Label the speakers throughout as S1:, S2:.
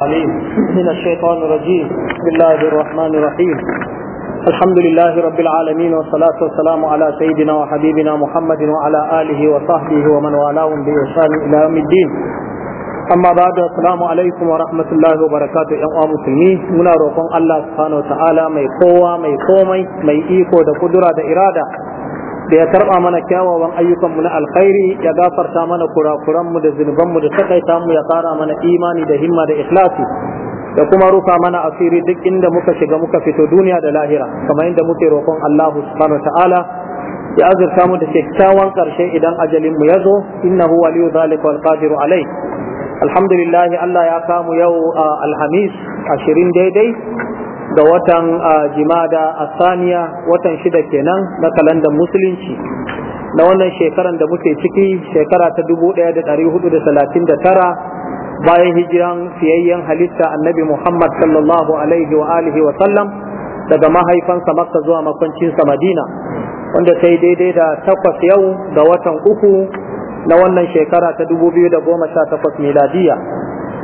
S1: عليم من الشيطان الرجيم بسم الله الرحمن الرحيم الحمد لله رب العالمين والصلاة والسلام على سيدنا وحبيبنا محمد وعلى آله وصحبه ومن والاه بإحسان إلى يوم الدين أما بعد السلام عليكم ورحمة الله وبركاته يا مسلمين منا روكم الله سبحانه وتعالى ما يقوى ما يقوى ما يقوى ما يقوى إرادة da ya karba mana kyawawan ayyukanmu na alkhairi ya gafarta mana mu da zunubanmu da takaita mu ya kara mana imani da himma da ikhlasi da kuma rufa mana asiri duk inda muka shiga muka fito duniya da lahira kamar inda muke roƙon Allah subhanahu ta'ala ya azurta mu da kyakkyawan karshe idan ajalin mu yazo innahu waliyu zalika wal qadiru alai alhamdulillah Allah ya kamu yau alhamis 20 daidai ga watan jimada Saniya watan shida kenan na kalandar musulunci na wannan shekaran da muke ciki shekara ta 1439 bayan hijiran fiyayyen halitta annabi Muhammad sallallahu alaihi wa alihi wa sallam daga mahaifansa Makka zuwa makwancinsa Madina wanda sai daidai da takwas yau ga watan uku na wannan shekara ta 2018 miladiya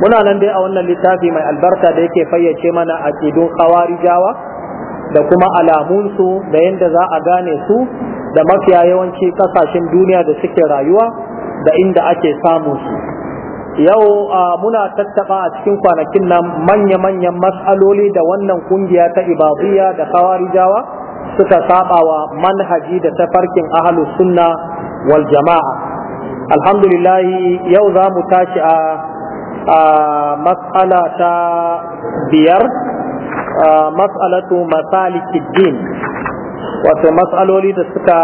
S1: muna nan dai a wannan littafi mai albarka da yake fayyace mana a aqidun khawarijawa da kuma alamunsu da yadda za a gane su da mafiya yawanci kasashen duniya da suke rayuwa da inda ake samu su yau muna tattaba a cikin kwanakin nan manya-manyan matsaloli da wannan kungiya ta ibadiyya da khawarijawa suka saba wa manhaji da tafarkin ahlus sunna wal jama'a alhamdulillah yau za mu tashi a a matsala ta biyar matsalatu masalikuddin, wato matsaloli da suka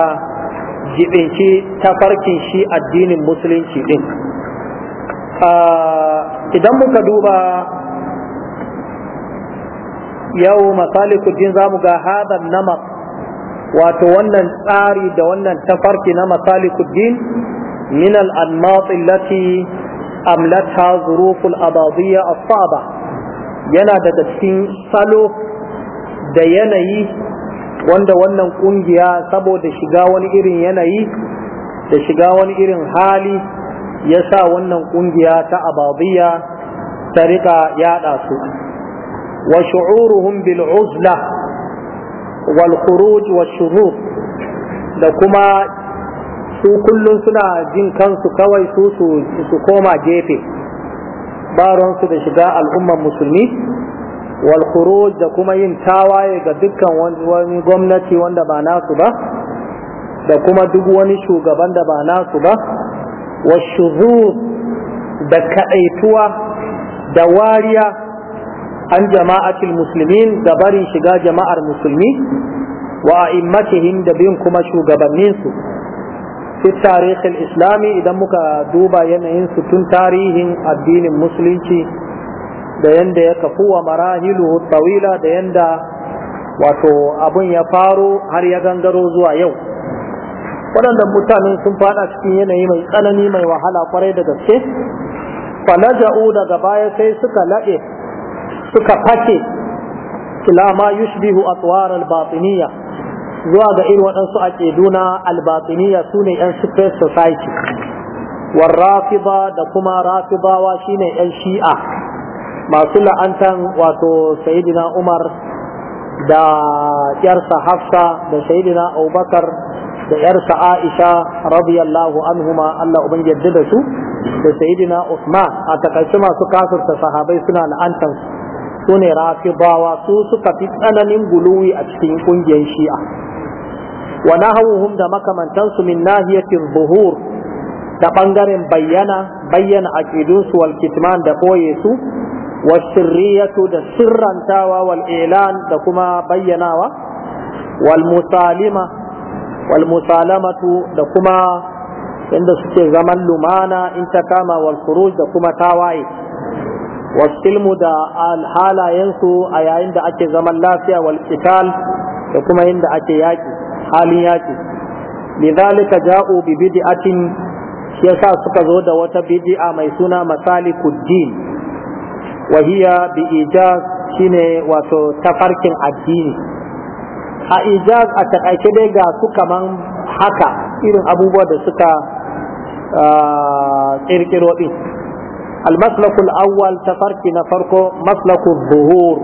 S1: jibinci tafarkin shi addinin musulunci din idan muka duba yau masalikuddin zamu ga hada nama wato wannan tsari da wannan tafarki na masalikuddin min al-anmat allati amlata zuruful a asaba yana daga cikin salo da yanayi wanda wannan kungiya saboda shiga wani irin yanayi da shiga wani irin hali ya sa wannan kungiya ta ababiyya ta rika yada su wa shu'uruhum bil uzla wal khuruj wa shurur da kuma su kullum suna jin kansu kawai su su koma gefe baronsu da shiga al'ummar musulmi wal da kuma yin tawaye ga dukkan wani gwamnati wanda ba nasu ba da kuma duk wani shugaban da ba nasu ba washuzur da kaɗaituwa da wariya an jama'atul musulmin da barin shiga jama'ar musulmi wa immatihim da bin kuma shugabanninsu fi tarihin islami idan muka duba yanayin su tun tarihin addinin musulunci da yanda ya kafu wa marahilu tawila da yanda wato abun ya faro har ya gangaro zuwa yau waɗannan mutanen sun fada cikin yanayi mai tsanani mai wahala kwarai da gaske falaja'u daga baya sai suka laɗe suka fake ila ma yushbihu atwar al zuwa ga irin waɗansu ƙedu na albatiniya su ne 'yan secret society war da kuma shi ne 'yan shi'a masu la'antan wato sayidina umar da yarsa hafsa da sayidina abubakar da yarsa aisha radiyallahu anhuma allah yadda da su da sayidina usman a takaice masu kafinta sahabai suna la'antan su ne rafibawa su suka fi tsananin guluwi a cikin kungiyar shi'a wa nahawuhum da makamantansu min nahiyatin ta ɓangaren bayyana bayyana aqidunsu wal da koye su wa sirriyatu da sirrantawa wal ilan da kuma bayyanawa wal da kuma inda suke zaman lumana in ta kama wal da kuma tawaye wasilmu da halayensu a yayin da ake zaman lafiya wal qital da kuma yadda ake yaƙi halin yaƙi lidhalika ja'u bi bid'atin yasa suka zo da wata bid'a mai suna masalikuddin wa hiya bi ijaz shine wato tafarkin addini a ijaz a takaice dai ga su kaman haka irin abubuwa da suka kirkiro din almaslakul awwal tafarki na farko maslakul zuhur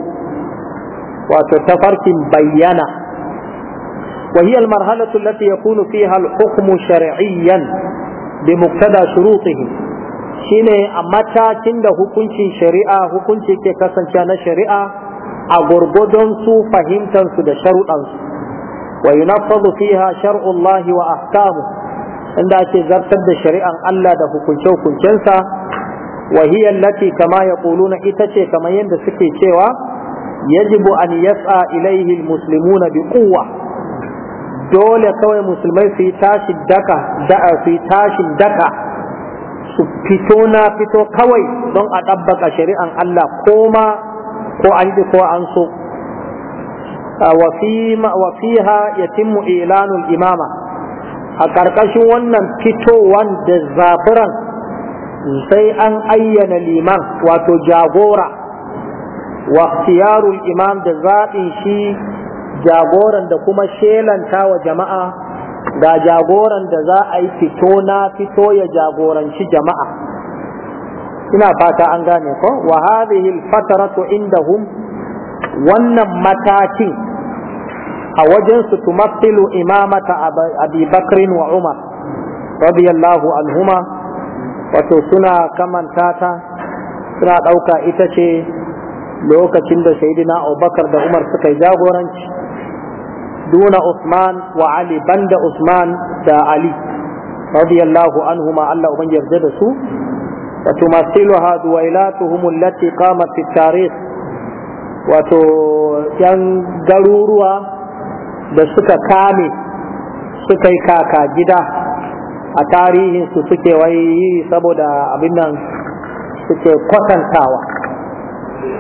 S1: wato tafarkin bayyana Wahiyar وهي المرحلة التي يكون فيها الحكم شرعيا بمقتضى شروطه shine a matakin da hukuncin shari'a hukunci ke kasance na shari'a a gurgudun su fahimtansu da sharuɗansu wa yunaffadu fiha shar'ullahi wa ahkamu inda ake zartar da shari'ar Allah da hukunce-hukuncensa wa hiya allati kama na ita ce kamar yadda suke cewa yajibu an yas'a ilaihi almuslimuna bi quwwa dole kawai musulmai su yi tashi daka da su yi tashin daka su fito na fito kawai don a ɗabbaka shari'an Allah ko ma ko an ji ko an so wa fiha yatimmu ilanul imama a ƙarƙashin wannan fitowan da zafiran sai an ayyana liman wato jagora wa imam da zaɓin shi jagoran da kuma shelanta wa jama'a ga jagoran da za a yi fito na fito ya jagoranci jama'a ina fata an gane ko wa hadhihi al-fatratu indahum wannan matakin a wajen su tumatilu imamata Abi Bakr wa Umar radiyallahu anhuma wato suna kamanta ta suna ɗauka ita ce lokacin da sayyidina Abubakar da Umar suka yi jagoranci duna Usman wa Ali banda Usman da Ali radiyallahu anhuma Allah uban yarda da su wato masiluha duwailatuhum allati qamat fi tarikh wato yan garuruwa da suka kame sukai kaka gida a tarihinsu su suke wai saboda abin nan suke kwatantawa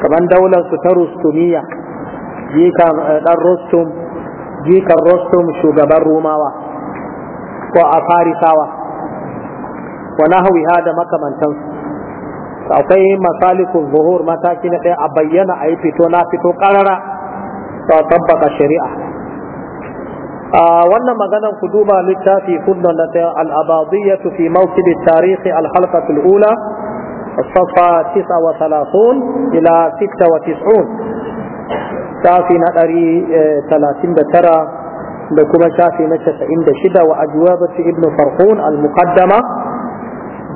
S1: kamar daular su ta rustumiya jikan dan rustum جيك الرسوم شوغبا روماوا وافارساوا ونهوي هذا ما كمان تنس فأطيه مسالك الظهور متى كنت أبين أي في تنافق قرر فطبق الشريعة آه، وانا ما قدم قدوما للتافي كنا الأباضية في موكب التاريخ الحلقة الأولى الصفة 39 إلى 96 شافي نقري آه، ثلاثين بترى لكما شافي نشف عند شدة وأجوابة ابن فرحون المقدمة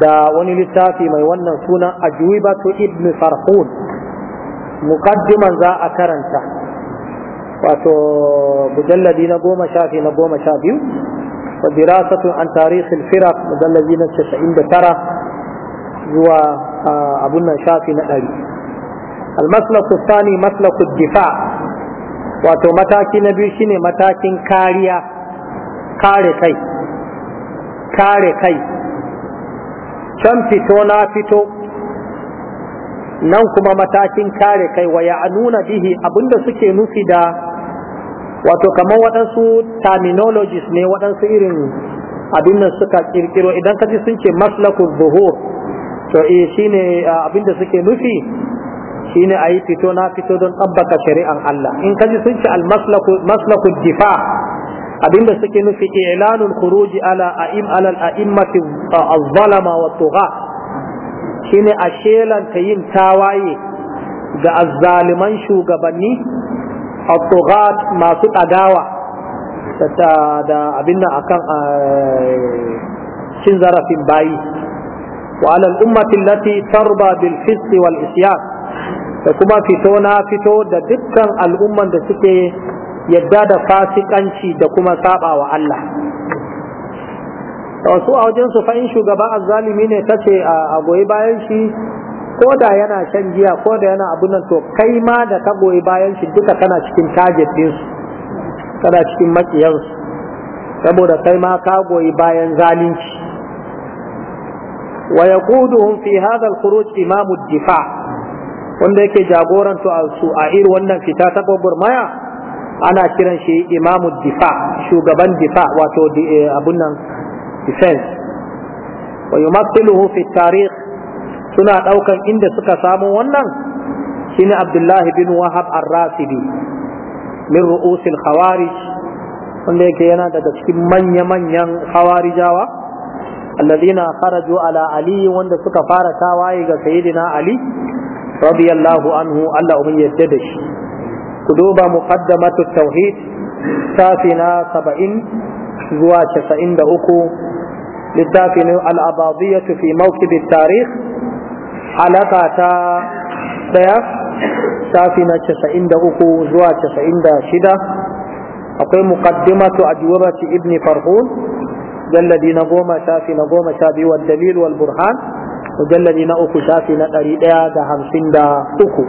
S1: دا وني لسافي ما يوانا سونا أجوبة ابن فرحون مقدما ذا أكرنسا واتو مجلدي نقوم شافي نقوم شافي ودراسة عن تاريخ الفرق مجلدي نشف عند ترى هو آه، أبونا شافي نقري almaslaku sani maslaku difa wato mataki na biyu shine matakin kariya kare kai kare kai can fito na fito nan kuma matakin kare kai wa nuna bihi abinda suke nufi da wato kamar waɗansu terminologies ne waɗansu irin abin suka kirkiro idan kaji sun ce maslaku zuhur to e shine ah, abinda suke nufi shine ayi fito na fito don ɗabbaka shari'an Allah in kaji sun ci almaslaku difa abinda suke nufi i'lanul kuruji ala a'im alal a'immati az-zalama wa tugha shine a shelanta yin tawaye ga azzaliman shugabanni at-tughat masu ɗagawa da abin akan eh, cin zarafin bayi wa alal ummati allati tarba bil fisq wal isyan da kuma fito na fito da dukkan al'umman da suke yadda da fasikanci da kuma saba wa Allah wasu a wajen su fa'in shugaba azzalimi ne ta ce a goyi bayan shi ko da yana shan giya ko da yana abun nan to kai ma da ka goyi bayan shi duka kana cikin target din su, kana cikin su, saboda kai ma ka goyi bayan zalunci wa yaquduhum fi hadha al-khuruj imamu difa wanda yake jagoran a su a irin wannan fita ta maya, ana kiran shi imamu difa shugaban difa wato eh, abunan nan defense wa yumathiluhu tarikh suna daukan inda suka samu wannan shine abdullahi bin wahab ar-rasidi min ru'usil khawarij wanda yake yana daga cikin manya-manyan khawarijawa alladhina kharaju ala ali wanda suka fara tawaye ga sayyidina ali radiyallahu anhu Allah umin yadda da shi ku duba muqaddamatu tauhid safi na 70 zuwa 93 littafi ne al'abadiyatu fi mawkibin tarih halaka ta daya safi na 93 zuwa 96 akwai muqaddimatu ajwabati ibni farhun jalladi na goma safi na goma sha biyu wal dalil wal burhan mujalladi na uku shafi na ɗari ɗaya da hamsin da uku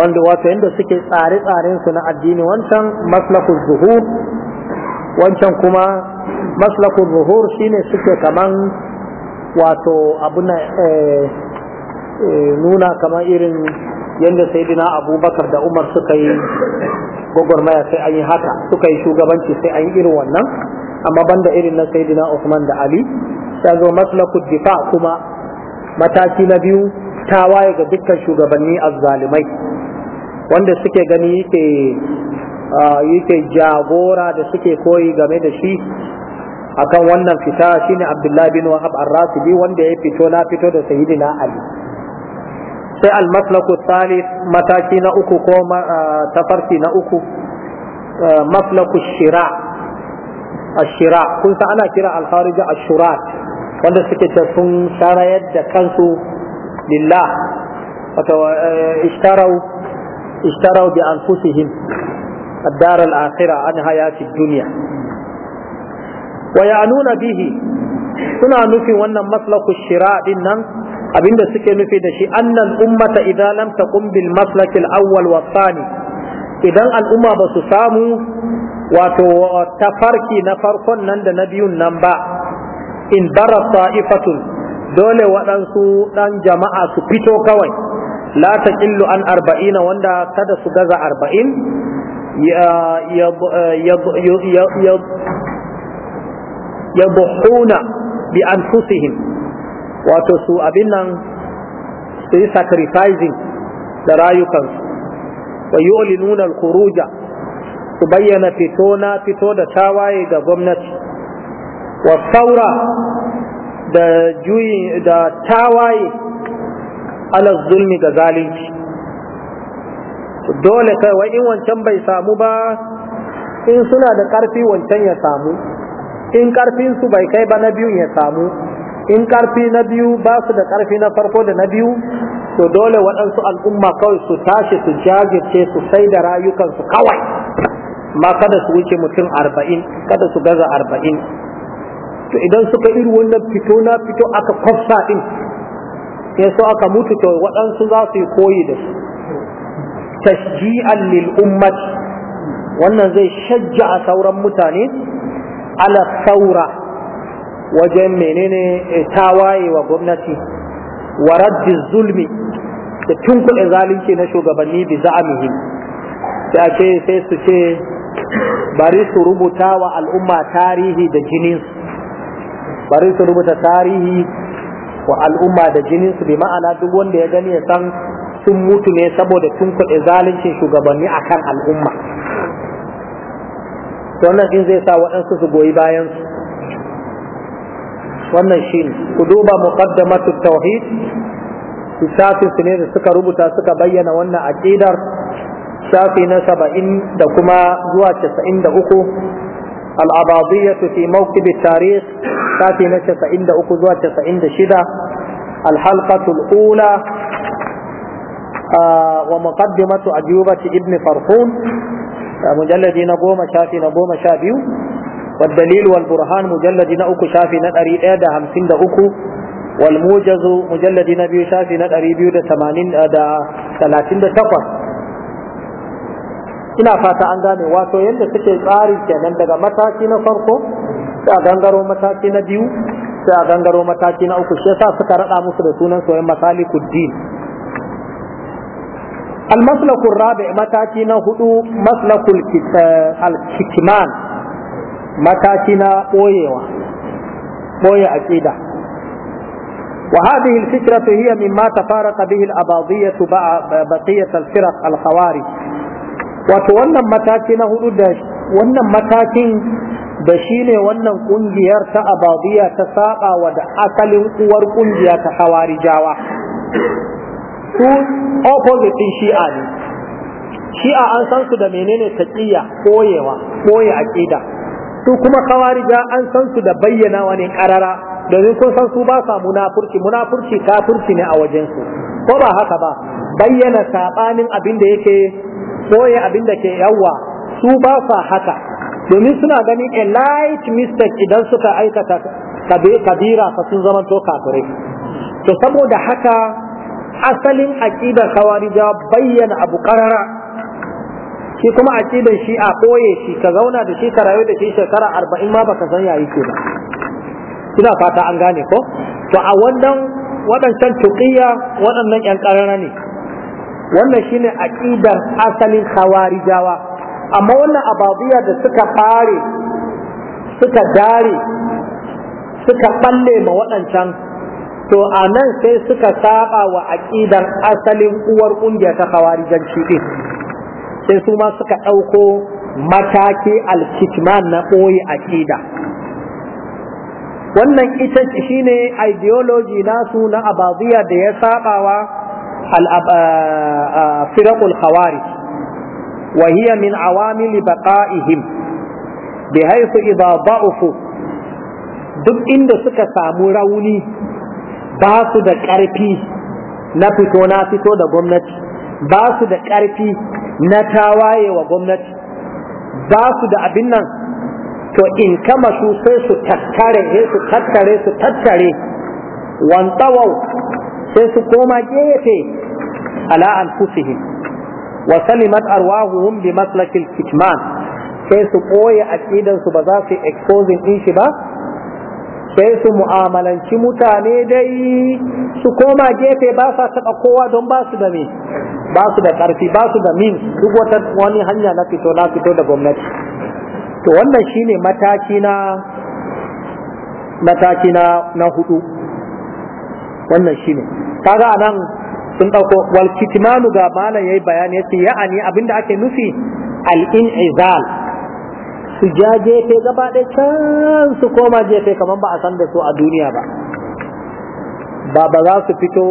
S1: wanda wato yadda suke tsare tsarensu na addini wancan maslakul zuhur wancan kuma maslakul zuhur shine suke kaman wato abuna eh, eh, nuna kaman irin yadda dina abubakar da umar suka yi gwagwarmaya sai an yi haka suka yi shugabanci sai an yi irin wannan amma banda irin na sayidina usman da ali ta zo maslaku difa kuma mataki na biyu ta waye ga dukkan shugabanni azzalimai wanda suke gani yake yake jagora da suke koyi game da shi akan wannan fita shine Abdullahi bin Wahab ar-Rasibi wanda ya fito na fito da Sayyidina Ali sai al-maslaku thalith mataki na uku ko tafarki na uku maslaku shira ashira kun san ana kira al-kharija ashurat wanda suke ta sun sarayar da kansu lillah wato eh, ishtarau ishtarau bi anfusihim الدار الآخرة عن حياة الدنيا ويعنون به suna nufin wannan maslaku shira din nan abinda suke nufi da shi annal ummata idza lam taqum bil maslakil awwal wa idan al'umma ba su samu wato tafarki na farkon nan da na biyun nan ba in bara sa'ifatun dole waɗansu ɗan jama'a su fito kawai la ta an arba'ina wanda kada su gaza arba'in yabuhuna bi fusihin. wato su abin nan su yi sacrificing da rayukansu wa yu'linuna al su bayyana fito na fito da tawaye ga gwamnati wa saura da juyi da tawaye ala zulmi ga zalunci dole kai wai in wancan bai samu ba in suna da ƙarfi wancan ya samu in ƙarfin bai kai ba na biyun ya samu in ƙarfi na biyu ba su da ƙarfi na farko da na biyu to dole waɗansu al'umma kawai su tashi su jajirce su sai da rayukansu kawai ma kada su wuce mutum arba'in kada su gaza arba'in to idan suka iri wannan fito na fito aka kwafsa din sai so aka mutu to waɗansu za su yi koyi da su tashji'an lil ummat wannan zai shajja a sauran mutane ala saura wajen menene eh, tawaye wa gwamnati wa raddi zulmi da tunkuɗe zalunci na shugabanni bi za'amihim sai a ce sai su ce bari su rubuta wa al'umma tarihi da jininsu bari su rubuta tarihi wa al'umma da su bi ma'ana duk wanda ya gani ya san sun mutu ne saboda tun kuɗe zalincin shugabanni a kan al'umma wannan in zai sa waɗansu su goyi bayan su wannan shi ne ku duba muqaddamatu tauhid littafin su ne da suka rubuta suka bayyana wannan aƙidar shafi na saba'in da kuma zuwa casa'in da uku al'abadiyyatu fi mawqibi tarikh shafi na uku zuwa 96 alhalqatul ula wa muqaddimatu ajubati ibn farhun mujalladi na goma shafi na goma sha biyu na والبرهان مجلد da hamsin da uku همسين دا أكو والموجز مجلد نبي شافي نتري بيو دا ثمانين da talatin da takwas, ina fata an gane wato yadda suke tsari kenan daga mataki na farko sai a gangaro mataki na biyu sai a gangaro mataki na uku shi yasa suka rada musu da sunan soyayyen masalikuddin المسلك الرابع متاكينا هدو مسلك الكتمان متاكينا بويوا بوي عقيدة وهذه الفكرة هي مما تفارق به الأباضية بقية الفرق الخوارج وتوانا متاكينا هدو داش وانا متاكين da shi ne wannan kungiyar ta abadiya ta saba wa da asalin uwar kungiya ta hawarijawa su opposite shi'a ne shi'a an san su da menene taqiyya koyewa koye aqida su kuma khawarija an san su da bayyana wani karara domin kun san su ba sa munafurci munafurci kafurci ne a wajen su ko ba haka ba bayyana sabanin abin da yake koye abin da ke yawa su ba sa haka domin suna ganin a light mistake idan suka aikata kabira fa sun zama to kafirai to saboda haka asalin aqidar khawarija bayyana abu qarara shi kuma aqidar shi a koye shi ka zauna da shi ka rayu da shi shekara 40 ma baka san yayi ke ba ina fata an gane ko to a wannan waɗancan tuqiyya waɗannan yan qarara ne wannan shine aqidar asalin khawarijawa amma wannan ababiya da suka fare suka dare suka balle ma waɗancan to a nan sai suka saba wa aƙidar asalin uwar ƙungiyar ta kawarijanci ɗin sai su ma suka ɗauko mataki alkitman na ɓoye aƙida wannan ita shine ideology nasu na ababiya da ya sabawa al-firaqul eh, eh, khawarij وهي من عوامل بقائهم بحيث إذا ضعفوا duk inda suka samu rauni ba su da ƙarfi na fito na fito da gwamnati ba su da ƙarfi na tawaye wa gwamnati ba su da abin nan to in kama su sai su tattare su tattare su tattare wantawau sai su koma gefe ala anfusihim wa salimat arwahuhum bi maslakil kitman sai su ɓoye aqidan su ba za su exposing din shi ba sai su mu'amalanci mutane dai su koma gefe ba sa taɓa kowa don ba su da me ba su da ƙarfi ba su da min duk wata wani hanya na fito na fito da gwamnati to wannan shine mataki na mataki na na hudu wannan shine kaga anan sun ɗauko, wal kitmanu ga malam yayi bayani yace ya'ani abinda ake nufi al in'izal su ja jefe gaba ɗaya can su koma jefe kamar ba a san da su a duniya ba ba ba za su fito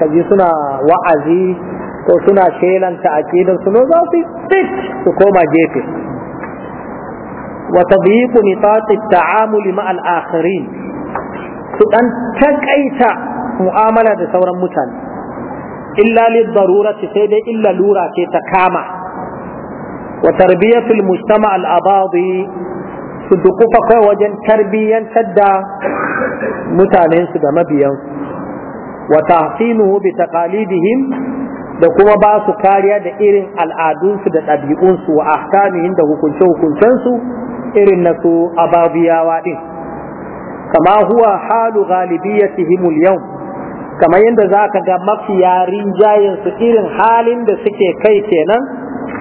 S1: kaji suna wa'azi ko suna shelanta aqidan su za su fit su koma jefe wa tadhiq nitat at-ta'amul ma'a al-akharin su dan takaita mu'amala da sauran mutane illa lidarurati sai dai illa lura ce ta kama wa tarbiyatul mujtama al abadi su dukufa kai wajen tarbiyyantar da mutanen su da mabiyan wa tahsinuhu bi taqalidihim da kuma ba su kariya da irin al'adunsu da ɗabi'unsu wa ahkamihim da hukunce-hukuncensu irin na su ababiyawa din kama huwa halu ghalibiyatihim al-yawm kamar yadda za ka ga mafiya rinjayensu irin halin da suke kai kenan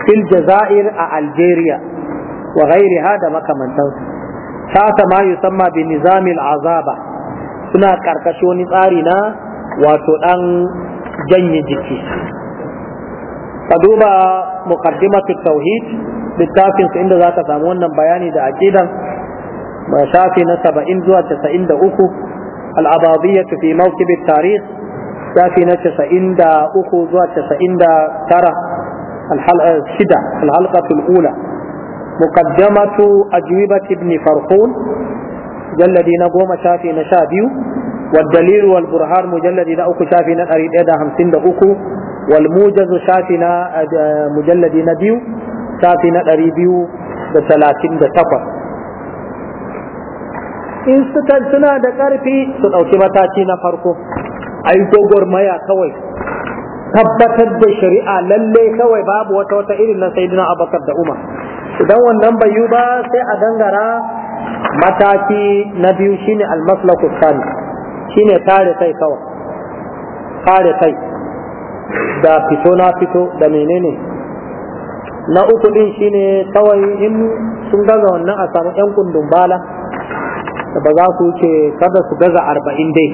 S1: fil jazair a algeria wa ghairiha da makamantansu sata ma yusamma bi nizamil azaba suna karkashin wani tsari na wato dan janye jiki ka duba muqaddimatu tauhid littafin inda za ka samu wannan bayani da aqidan shafi na 70 zuwa 93 العباضية في موكب التاريخ شافي نتسعين دا اخوز زوا تسعين دا ترى الشدة الحلقة الأولى مقدمة أجوبة ابن فرخون جلدي نقوم شافي نشابيو والدليل والبرهان مجلد أخو شافي نأريد إذا همسين دا أخو والموجز شافي آه، مجلد نديو شافي نأريبيو دا ثلاثين دا تقر in suka suna da ƙarfi su ɗauki mataki na farko a yi maya kawai tabbatar da shari'a lalle kawai babu wata wata irin na sayidina abakar da umar idan wannan bai yi ba sai a dangara mataki na biyu shine almaslaku sani shine tare kai kawai tare kai da fito na fito da menene na uku din shine kawai in sun gaza wannan a samu yan kundin bala ba za su wuce kada su gaza arba'in dai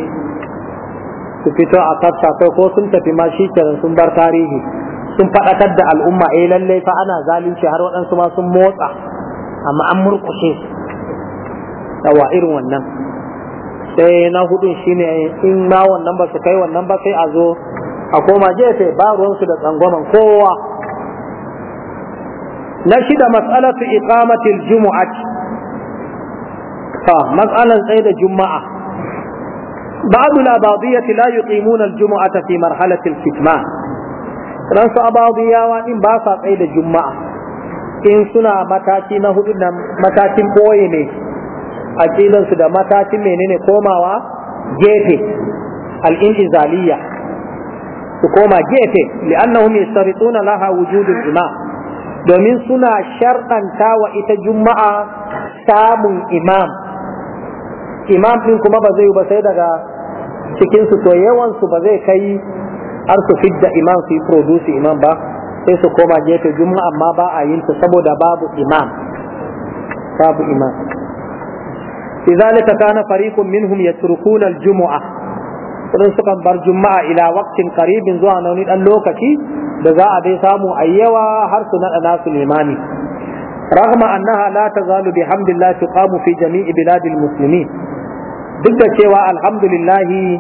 S1: su fito a tafsa ko sun tafi ma shi kenan sun bar tarihi sun faɗakar da al'umma eh lallai fa ana zalunci har waɗansu ma sun motsa amma an murƙushe yawa irin wannan sai na hudun shine in ma wannan ba su kai wannan ba sai a zo a koma jefe ba ruwansu da tsangwaman kowa na shida mas'alatu iqamatil jumu'ati ta matsalan tsaye da juma'a babu labadiyyati la yuqimuna al-jum'ata fi marhalati al-kitman ran su abadiyawa din ba sa tsaye da juma'a in suna mataki na hudu matakin boye ne aqidan su da matakin menene komawa gefe al-injizaliyya su koma gefe li'annahum yashtarituna laha wujudul imam domin suna sharɗanta wa ita juma'a samun imam imam din kuma ba zai ba sai daga cikin su to yawan su ba zai kai har su fidda imam su yi produce imam ba sai su koma gefe juma'a amma ba a yin ta saboda babu imam babu imam fi zalika kana fariqun minhum yatrukuna al-jumu'a sun sukan bar juma'a ila waqtin qaribin zuwa na wani dan lokaci da za a dai samu ayyawa har su nada nasu limami رغم أنها لا تزال بحمد الله fi jami'i جميع بلاد duk da cewa alhamdulillahi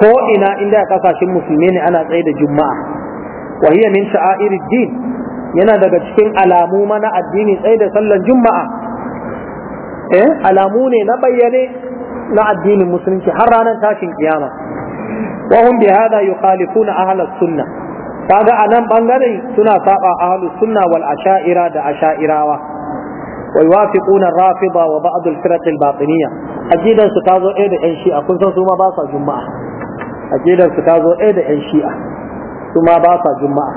S1: ko ina inda kasashen musulmi ne ana tsaye da juma'a wa hiya min sha'airid din yana daga cikin alamu mana addini tsaye da sallar juma'a eh alamu ne na bayyane na addinin musulunci har ranar tashin kiyama wa hum bi hada yukhalifuna ahlus sunnah kaga anan bangare suna saba ahlus sunna wal asha'ira da asha'irawa ويوافقون الرافضة وبعض الفرق الباطنية أجيدا ستازو إيدا إن شيئا كنت ثم باسا جمعة أجيدا ستازو إيدا إن شيئا ثم باسا جمعة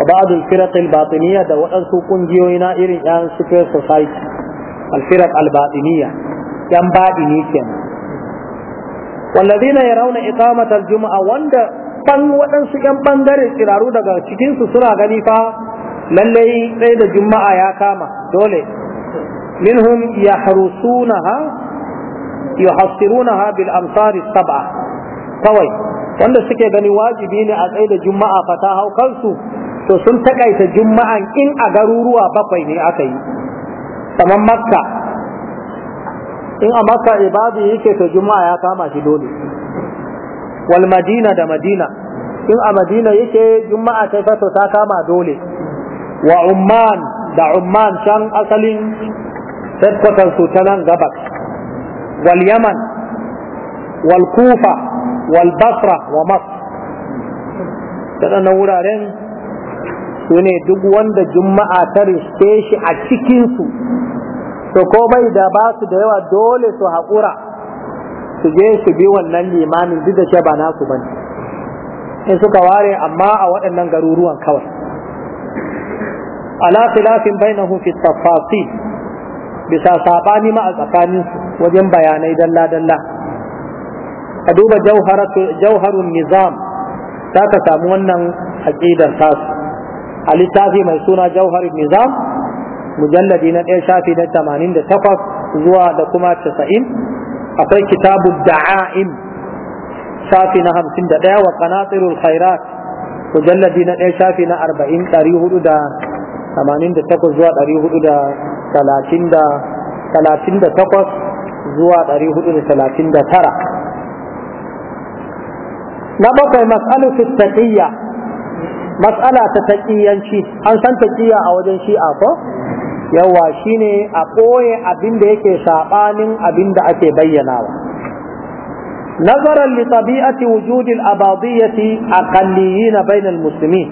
S1: وبعض الفرق الباطنية دا وأنسو كنجيوين إيرين يان سكر سوسايتي الفرق الباطنية يان باطني كان والذين يرون إقامة الجمعة واندا بان وأنسو يان بانجاري سرارو دا كتنسو سرا غنيفا lallai tsaye da juma'a ya kama dole منهم يحرسونها يحصرونها بالأمصار السبعة كوي wanda suke gani wajibi ne a tsaye da juma'a ta hau kansu to sun takaita juma'an in a garuruwa bakwai ne aka yi kamar makka in a makka ibadu yake to juma'a ya kama shi dole wal madina da madina in a madina yake juma'a ta fato ta kama dole wa umman da umman can asalin headquarters su ta nan gabas wal yaman wal kufa wal basra wa mas wuraren su ne duk wanda juma'a ta riske shi a cikinsu to komai da ba su da yawa dole su haƙura su je su bi wannan limanin duk da ba nasu bane in suka ware amma a waɗannan garuruwan kawai ala khilafin bainahu fi tafasil bisa saɓani ma a tsakaninsu wajen bayanai dalla-dalla a duba jauharun nizam za ka samu wannan aƙidar tasu a littafi mai suna jauharun nizam mujalladi na ɗaya shafi na tamanin da takwas zuwa da kuma casa'in akwai kitabu da'a'im shafi na hamsin da ɗaya wa qanatirul khairat mujalladi na ɗaya shafi na arba'in ɗari hudu da tamanin da takwas zuwa ɗari hudu da talatin da takwas zuwa ɗari hudu da talatin da tara na bakwai matsalar fi taƙiyya mas'ala ta taƙiyyanci an san taƙiyya a wajen shi shi'a ko yawa ne a ɓoye abin da yake saɓanin abin da ake bayyanawa نظرا لطبيعة وجود الأباضية أقليين بين المسلمين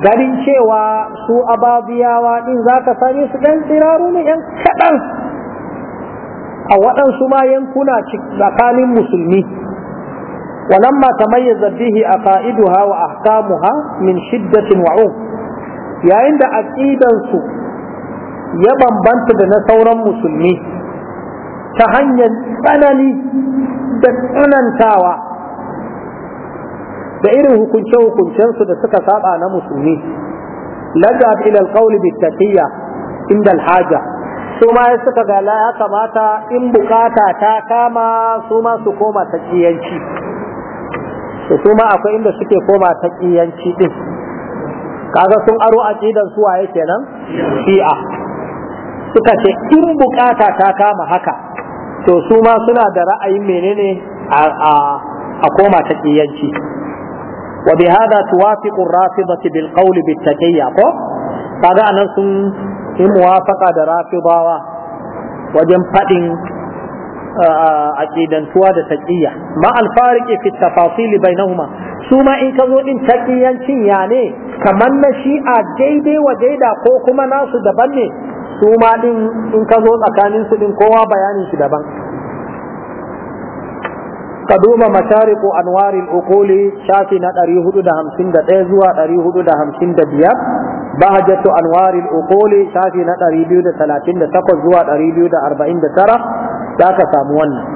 S1: garin cewa su ababiyawa din za ka sami su ɗan tsiraru ne kaɗan a waɗansu ma yankuna tsakanin musulmi wannan ma ta mayar zabihi a fa’idu ha wa a ha min shiddatin wa’un yayin da aƙidansu ya bambanta da na sauran musulmi ta hanyar tsanani da tsanantawa da irin hukunce hukuncensu da suka saba na musulmi lajat ila alqawli bittaqiyya inda alhaja su ma suka ga ya kamata in bukata ta kama su ma su koma taqiyanci su ma akwai inda suke koma taqiyanci din kaga sun aro a aqidan su waye kenan shi'a suka ce in bukata ta kama haka to su ma suna da ra'ayin menene a a koma taqiyanci وبهذا توافق الرافضة بالقول بالتكية kaga anan sun yi muwafaka da rafidawa wajen faɗin aqidantuwa da taqiyya ma alfariki fi tafasil bainahuma su ma in ka zo din taqiyancin ya kamar na shi'a daidai wa daida ko kuma nasu daban ne su ma in ka zo tsakanin su din kowa bayanin shi daban Kaduma duba mashariku anwarin ukuli shafi na 451 zuwa 455 Bahajatu anwarin ukuli shafi na 238 zuwa 249 za ka samu wannan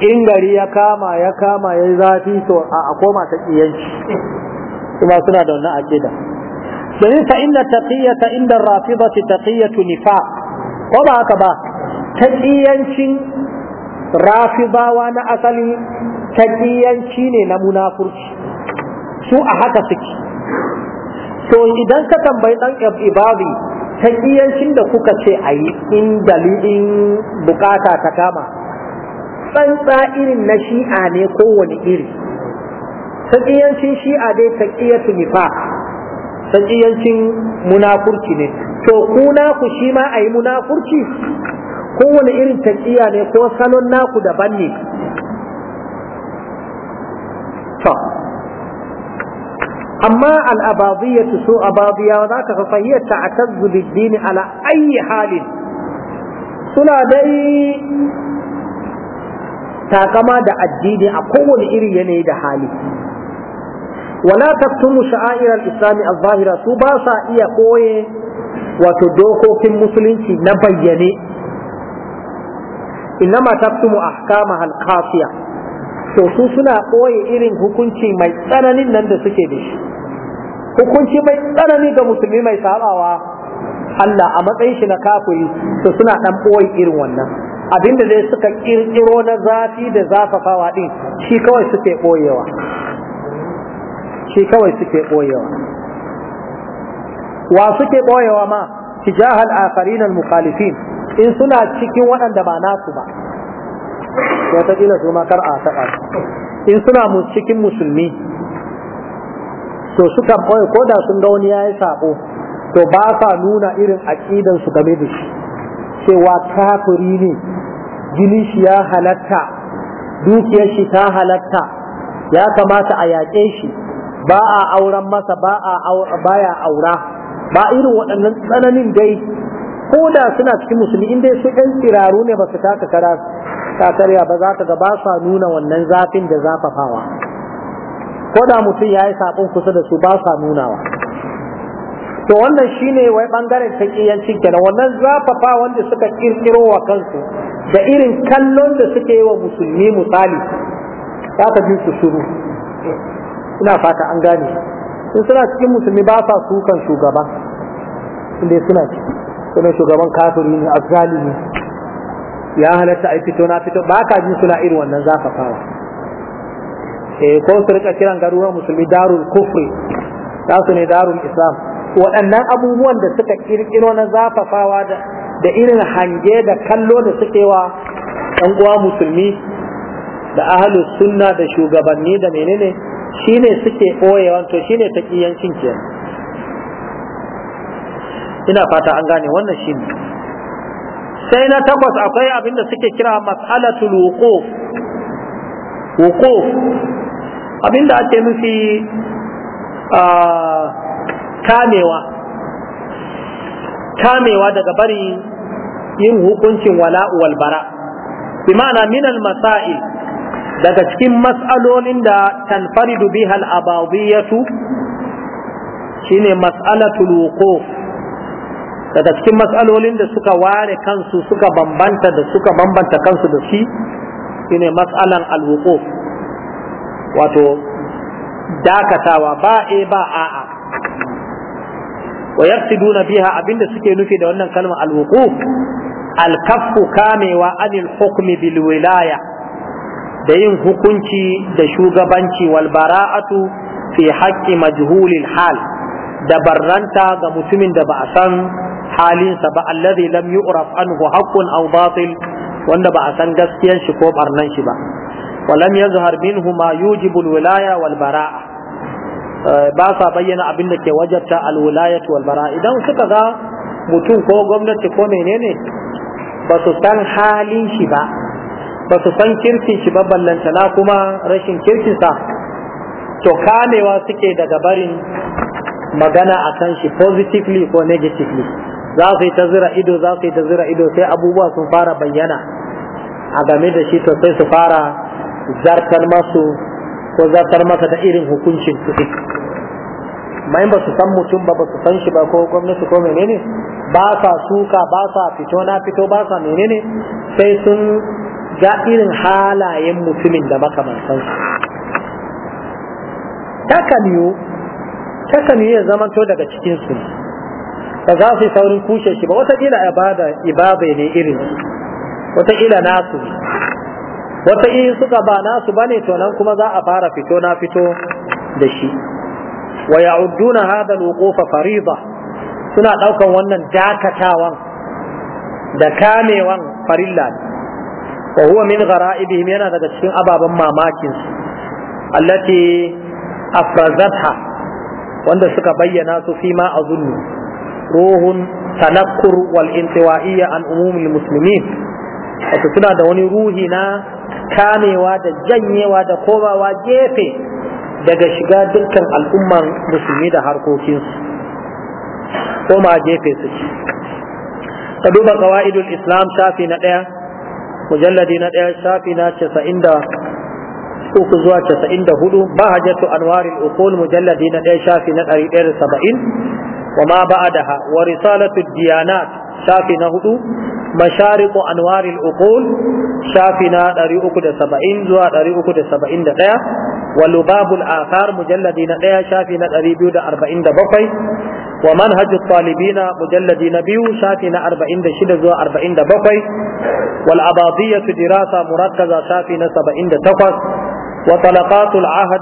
S1: in gari ya kama ya kama ya yi zafi to a koma ta kiyanci kuma suna da wannan akida domin fa inna taqiyata inda rafi ba rafidati taqiyatu nifaq ko ba haka ba ta taqiyancin rafidawa na asali taqiyanci ne na munafurci su a haka suke to idan ka tambayi dan ibadi taqiyancin da kuka ce ayi in dalilin bukata ta kama tsantsa irin na shi'a ne kowane iri taqiyancin shi'a dai taqiyatu nifaq taqiyancin munafurci ne to kuna ku shi ma ayi munafurci kowane irin taƙiya ne ko salon naku daban ne amma al'abadiyya su abadiya za ka fahiyya ta'atazzu biddini ala ayyi halin suna dai takama da addini a kowane irin yanayi da hali wala taftumu sha'airar islami al-zahira su ba sa iya koye wato dokokin musulunci na bayyane innama taftumu ahkama al-qafiya to su suna ɓoye irin hukunci mai tsananin nan da suke da shi hukunci mai tsanani ga musulmi mai sabawa Allah a matsayin shi na kafiri to suna dan ɓoye irin wannan abinda zai suka kirkiro na zafi da zafafawa din shi kawai suke ɓoyewa shi kawai suke ɓoyewa wa suke ɓoyewa ma tijahal akharin al-mukhalifin in suna cikin waɗanda ba nasu ba wataƙila su makar a taɓa in suna cikin musulmi to suka ɓoye ko da sun ga wani ya yi saɓo to ba sa nuna irin aƙidansu game da shi cewa kafiri ne jini shi ya halatta dukiyar shi ta halatta ya kamata a yaƙe shi ba a auren masa ba a baya aura ba irin waɗannan tsananin dai ko da suna cikin musulmi inda su ɗan tsiraru ne ba su taka kara kakarya ba za ka ga ba sa nuna wannan zafin da zafafawa ko da mutum ya yi saɓon kusa da su ba sa nunawa to wannan shine wai bangaren taƙiyancin kenan wannan zafafa wanda suka kirkiro wa kansu da irin kallon da suke yi wa musulmi misali za ka ji su shuru ina fata an gane in suna cikin musulmi ba sa sukan shugaba inda suna ciki kuma shugaban kafiri ne ne ya halatta a fito na fito ba ka jin suna irin wannan fara eh ko su rika kiran garuruwan musulmi darul kufri za su ne darul islam waɗannan abubuwan da suka kirkiro na zafafawa da irin hange da kallo da suke wa ɗan uwa musulmi da ahalus sunna da shugabanni da menene shine suke ɓoyewan to shine ƙiyancin kenan ina fata an gane wannan shi sai na takwas akwai abin da suke kira mas'alatul wuquf abin da ake nufi kamewa kamewa daga bari yin hukuncin wala'u wal bara bi ma'ana min al masail daga cikin mas'alolin da tanfaridu biha al abadiyatu shine mas'alatul wuquf daga cikin matsalolin da suka ware kansu suka bambanta da suka bambanta kansu da shi shine matsalan alwuquf wato dakatawa ba e ba a'a wa yaqsiduna biha abinda suke nufi da wannan kalmar alwuquf alkaffu kamewa anil hukmi bil wilaya da yin hukunci da shugabanci wal bara'atu fi haqqi majhulil hal da barranta ga mutumin da ba a san halinsa ba alladhi lam yu'raf anhu haqqun aw batil wanda ba a san gaskiyan shi ko barnan shi ba wa lam yazhar minhu ma yujibu wilaya wal bara'a eh, ba sa bayyana abin da ke wajarta alwilayatu wal bara'a idan suka ga mutum ko gwamnati ko menene ba su san halin shi ba ba su san kirkin shi ba ballantana kuma rashin kirkinsa to kamewa suke daga barin magana a kan shi positively ko negatively za su yi ta zira ido za su yi ta zira ido sai abubuwa sun fara bayyana a game da shi to sai su fara zartar masu ko zartar masa da irin hukuncin kuɗi mai ba su san mutum ba ba su san shi ba ko gwamnati ko menene ba sa suka ba sa fito na fito ba sa menene sai sun ga irin halayen mutumin da makamantan su takaniyo takaniyo ya zama to daga cikin su ba za su saurin kushe shi ba wataƙila ibada ne irin wataƙila nasu wata in suka ba nasu bane to nan kuma za a fara fito na fito da shi wa ya'udduna hadha al-wuquf fariḍa suna daukan wannan dakatawan da kamewan farilla wa huwa min gharaibihim yana daga cikin ababan mamakin su allati afrazatha wanda suka bayyana su fi ma azunnu ruhun tanakkur wal intiwa'iyya an umumil muslimin wato suna da wani ruhi na kamewa da janyewa da komawa gefe daga shiga dukkan al'umman musulmi da harkokinsu ma gefe su ci ka duba qawaidul islam shafi na ɗaya mujalladi na ɗaya shafi na casa'in da uku zuwa casa'in da hudu bahajatu anwaril usul mujalladi na ɗaya shafi na ɗari ɗaya da saba'in وما بعدها ورسالة الديانات شافنا هدو مشارق أنوار العقول شافنا داري أكد سبعين زوا داري أكد سبعين دا ولباب الآثار مجلدين ديا شافنا داري بيود أربعين دا ومنهج الطالبين مجلدين بيو شافنا أربعين دشد زوا أربعين دا بقي والأباضية دراسة مركزة شافنا سبعين دا وطلقات العهد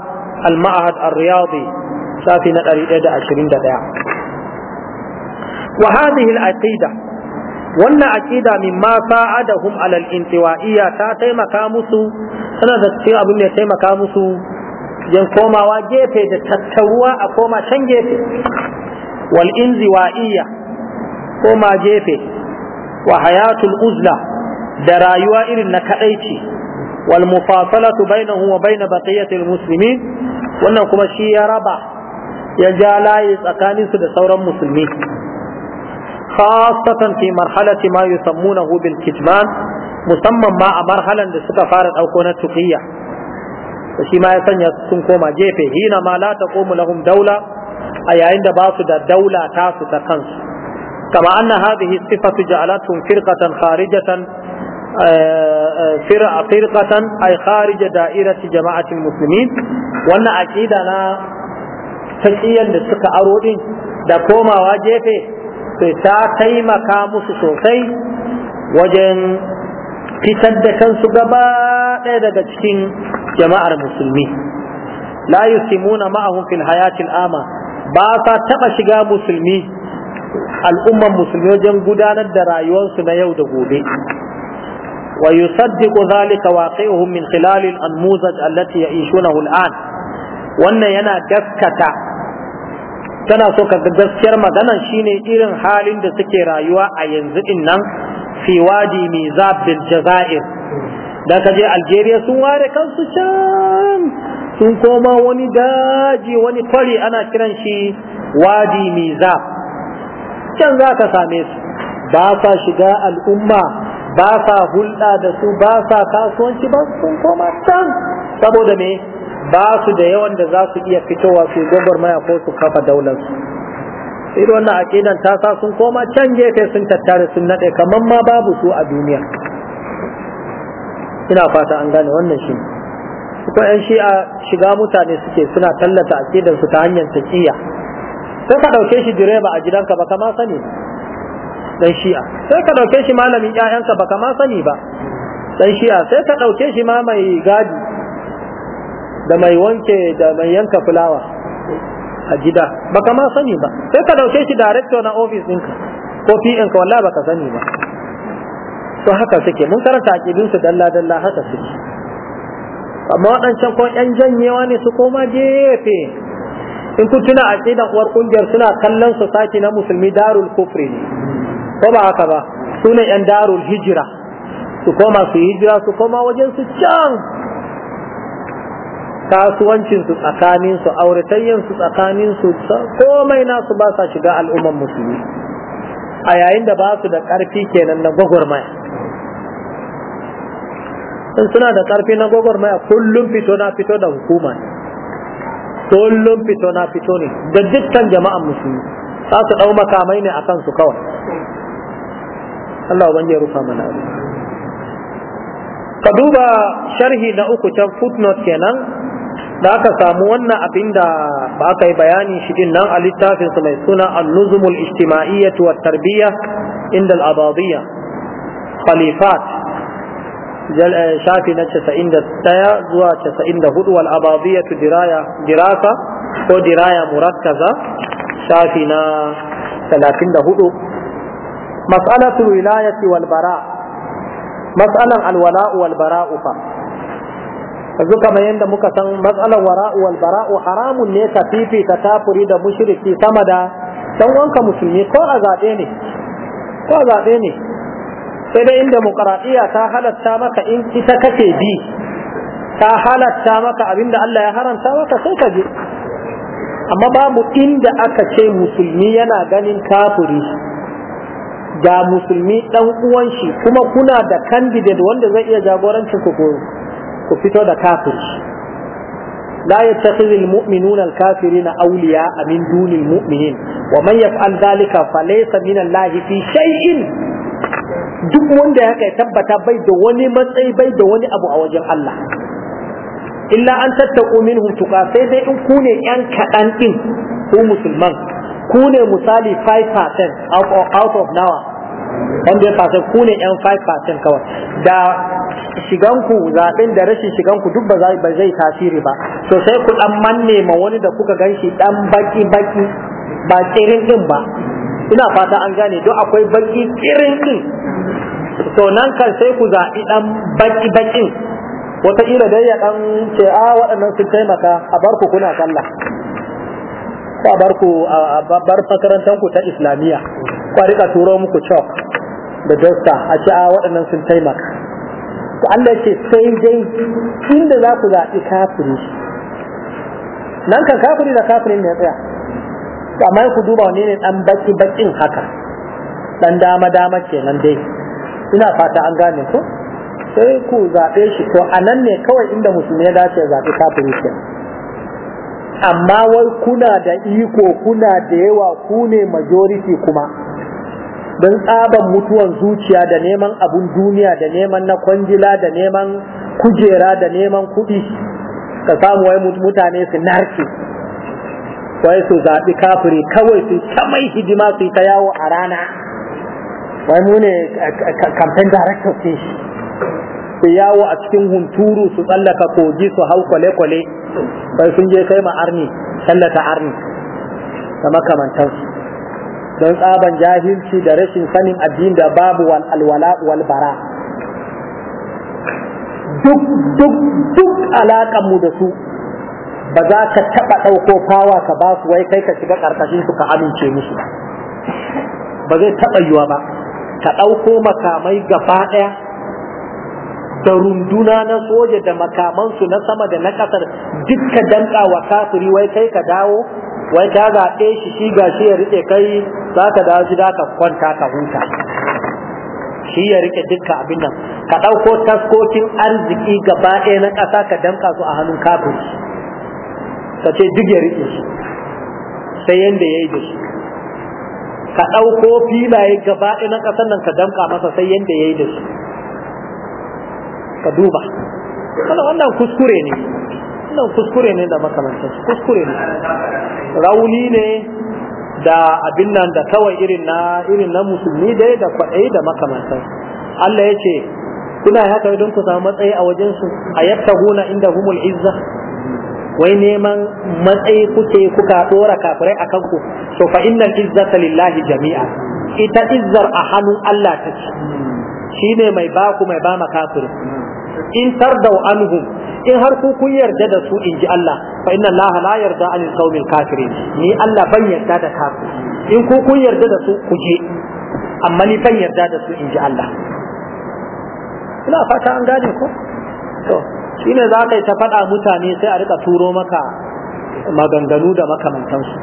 S1: المعهد الرياضي شافنا داري دا عشرين دا wa hadhihi al-aqida wannan aqida mimma sa'adahum ala al-intiwa'iyya ta taimaka musu tana da cikin abin da ya taimaka musu yan komawa gefe da tattaruwa a koma can gefe wal inziwa'iyya koma gefe wa hayatul uzla da rayuwa irin na kadaici wal mufasalatu bainahu wa bain baqiyatil muslimin wannan kuma shi ya raba ya ja layi tsakaninsu da sauran musulmi khasatan fi marhalati ma yusammunahu bil kitman musamman ma a marhalan da suka fara ɗauko na tukiyya to shi ma ya sanya sun koma gefe hina ma la taqumu lahum daula a yayin da ba su da daula ta su ta kansu kama anna hadhihi sifatu ja'alatum firqatan kharijatan firqa firqatan ay kharija da'irati jama'atil muslimin wannan aqida na taqiyan da suka aro din da komawa gefe kai ta taimaka musu sosai wajen fitar da kansu gaba ɗaya daga cikin jama'ar musulmi la yusimuna ma'ahum fil hayatil ama ba sa taɓa shiga musulmi al'umman musulmi wajen gudanar da rayuwarsu na yau da gobe wa yusaddiqu dhalika waqi'uhum min khilal al-anmuzaj allati ya'ishunahu al wannan yana gaskata tana so ka gaskiyar maganan shine irin halin da suke rayuwa a yanzu din nan fi wadi mizab bil jazair da ka je algeria sun ware kansu can sun koma wani daji wani kwari ana kiran shi wadi mizab can za ka same su ba sa shiga al'umma ba sa hulɗa da su ba sa kasuwanci ba sun koma can saboda me ba su da yawan da za su iya fitowa su gobar maya ko su kafa daular su irin wannan aqidan ta sa sun koma can gefe sun tattare sun nade kaman ma babu su a duniya ina fata an gane wannan shi ko yan shi'a shiga mutane suke suna tallata aqidan su ta hanyar taqiya sai ka dauke shi direba a gidanka baka ma sani dan shi'a sai ka dauke shi malamin ƴaƴanka baka ma sani ba dan shi'a sai ka dauke shi ma mai gadi da mai wanke da mai yanka fulawa a gida ba ka ma sani ba sai ka dauke shi director na office ɗinka ko PN ka wallahi ka sani ba to haka suke mun karanta akidun su dalla dalla haka suke amma waɗancan ko ƴan janyewa ne su koma gefe in kun tuna aqidan uwar ƙungiyar suna kallon society na musulmi darul kufri ne ko ba haka ba su ne ƴan darul hijira su koma su hijira su koma wajen su can su su, tsakanin kasuwancinsu su auratayyansu tsakaninsu komai su ba sa shiga al'umman musulmi a yayin da ba su da ƙarfi kenan na gwagwarmaya in suna da ƙarfi na gwagwarmaya kullum fito na fito da hukuma ne kullum fito na fito ne da dukkan jama'an musulmi za su dau makamai ne a kansu kawai Allah ubangiji ya rufa mana ka duba sharhi na uku can footnote kenan da aka samu wannan abin da ba aka yi bayanin shi din nan a littafinsu mai suna al-nuzumul ijtima'iyyatu tarbiyya inda al khalifat eh, shafi na 91 zuwa 94 wal abadiyatu diraya dirasa ko diraya murakkaza shafi na 34 mas'alatul wilayati wal bara mas'alan al-wala'u wal bara'u fa yanzu kamar yadda muka san matsalar wara'u wal bara'u haramun ne ka ta tafuri, da mushriki sama da dan wanka musulmi ko a zaɓe ne ko a zaɓe ne sai dai inda muqarratiya ta halatta maka in ita kake bi ta halatta maka abinda Allah ya haramta maka sai ka je amma babu inda aka ce musulmi yana ganin kafuri ga musulmi dan uwan shi kuma kuna da candidate wanda zai iya jagorancin ku ko ku fito da kafiri لا يتخذ المؤمنون الكافرين duni من wa المؤمنين ومن يفعل ذلك فليس من الله في شيء duk wanda ya kai tabbata bai da wani matsayi bai da wani abu a wajen Allah illa an tattaku minhum tuqa sai dai in ku ne yan kaɗan ɗin ku musulman ku ne misali 5% out of, out of nawa 100% ku ne yan 5% kawai da shiganku zaɓen da rashin shiganku duk ba zai tasiri ba So sai ku ɗan manne ma wani da kuka ganshi ɗan baki baki ba tsirin ɗin ba ina fata an gane don akwai baki tsirin ɗin to nan kan sai ku zaɓi ɗan baki bakin wataƙila dai ya ɗan ce a waɗannan sun taimaka a bar ku kuna sallah ko a bar ku a bar makarantar ta islamiyya ku turo muku chalk da dosta a ce a waɗannan sun taimaka to Allah ce sai dai inda za ku zaɓi kafiri nan kan kafiri da kafiri ne tsaya amma ku duba wani ne ɗan baki bakin haka Ɗan dama dama kenan dai ina fata an gane ku. sai ku zaɓe shi to a nan ne kawai inda musulmi ya dace zaɓi kafiri ke amma wai kuna da iko kuna da yawa ku ne majority kuma don tsaban mutuwan zuciya da neman abun duniya da neman na kwangila da neman kujera da neman kuɗi ka samu wai mutane su narke wai su zaɓi kafiri kawai su ta mai hidima su ta yawo a rana wai mu ne campaign director ce su yawo a cikin hunturu su tsallaka kogi su hau kwale-kwale wai sun je kai ma arni tsallaka arni da makamantansu don tsaban jahilci da rashin sanin addini da babu wal alwala wal bara duk duk duk alakan mu da su ba za ka taba dauko fawa ka ba su wai kai ka shiga karkashin su ka amince musu ba zai taba yiwa ba ka dauko makamai gaba daya da runduna na soja da makamansu na sama da na kasar duk ka danka wa kafiri wai kai ka dawo wai ta zaɓe shi shi ga shi ya rike kai za ka dawo za ka kwanta ka huta shi ya rike dukkan abin nan ka ɗauko taskokin arziki gaba ɗaya na ƙasa ka damƙa su a hannun kafin ka ce duk ya rike shi sai yanda ya yi da shi ka ɗauko filaye gaba ɗaya na ƙasar nan ka damƙa masa sai yanda ya yi da shi ka duba wannan kuskure ne wannan kuskure ne da makamantansu kuskure ne rauni ne da abin nan da kawai irin na irin na musulmi dai da kwaɗayi da makamantansu Allah ya ce kuna haka don ku samu matsayi a wajensu a yadda huna inda humul izza wai neman matsayi kuke kuka ɗora kafirai a kanku to fa innal izzata lillahi jami'a ita izzar a hannun Allah take shine mai baku mai ba makafiri in tardau anhum in har ku kun yarda da su in ji Allah fa inna Allah la yarda an al kafirin ni Allah ban yarda da kafir in ku kun yarda da su ku je amma ni ban yarda da su in ji Allah ina fata an gane ku? to shine za ka ta faɗa mutane sai a rika turo maka maganganu da makamantansu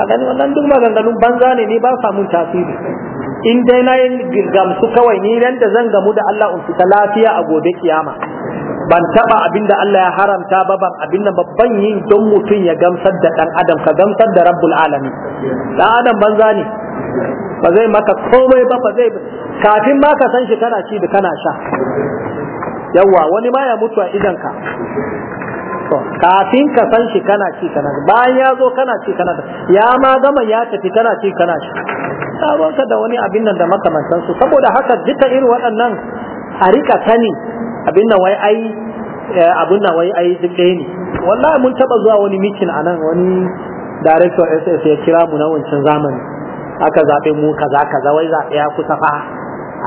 S1: a gani wannan duk maganganun banza ne ni ba sa mun tasiri in dai na yin gamsu kawai ni nan da zan gamu da Allah in fita lafiya a gobe kiyama ban taba abinda Allah ya haramta ba ban abinda babban yi don mutum ya gamsar da dan adam ka gamsar da rabbul alamin dan adam banza ne ba zai maka komai ba ba zai kafin ma ka san shi kana ci da kana sha yawa wani ma ya mutu a idan ka kafin ka san shi kana ci kana bayan ya zo kana ci kana ya ma gama ya tafi kana ci kana sha sabon ka da wani abin nan da makamantansu saboda haka duka irin waɗannan a rika sani abin nan wai ai eh, abin nan wai ai duk ɗaya ne wallahi mun taba zuwa wani meeting a nan wani director ss ya kira mu na wancan zamani aka zaɓe mu kaza kaza wai zaɓe ya kusa fa